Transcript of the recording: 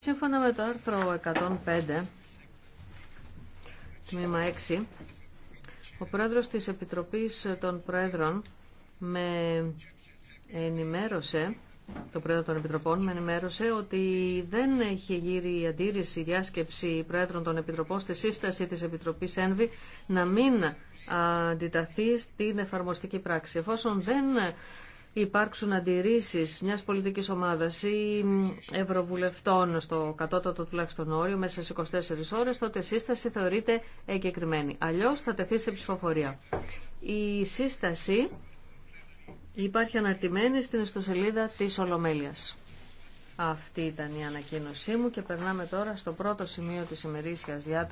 Σύμφωνα με το άρθρο 105, τμήμα 6, ο πρόεδρος της Επιτροπής των Προέδρων με ενημέρωσε, το πρόεδρο των Επιτροπών με ενημέρωσε ότι δεν έχει γύρει η αντίρρηση, η διάσκεψη πρόεδρων των Επιτροπών στη σύσταση της Επιτροπής ΕΝΒΗ να μην αντιταθεί στην εφαρμοστική πράξη. Εφόσον δεν υπάρξουν αντιρρήσεις μιας πολιτικής ομάδας ή ευρωβουλευτών στο κατώτατο τουλάχιστον όριο μέσα στις 24 ώρες, τότε η σύσταση θεωρείται εγκεκριμένη. Αλλιώς θα τεθεί στην ψηφοφορία. Η σύσταση υπάρχει αναρτημένη στην ιστοσελίδα της Ολομέλειας. Αυτή ήταν η ανακοίνωσή μου και περνάμε τώρα στο πρώτο σημείο της ημερήσιας διάταξης.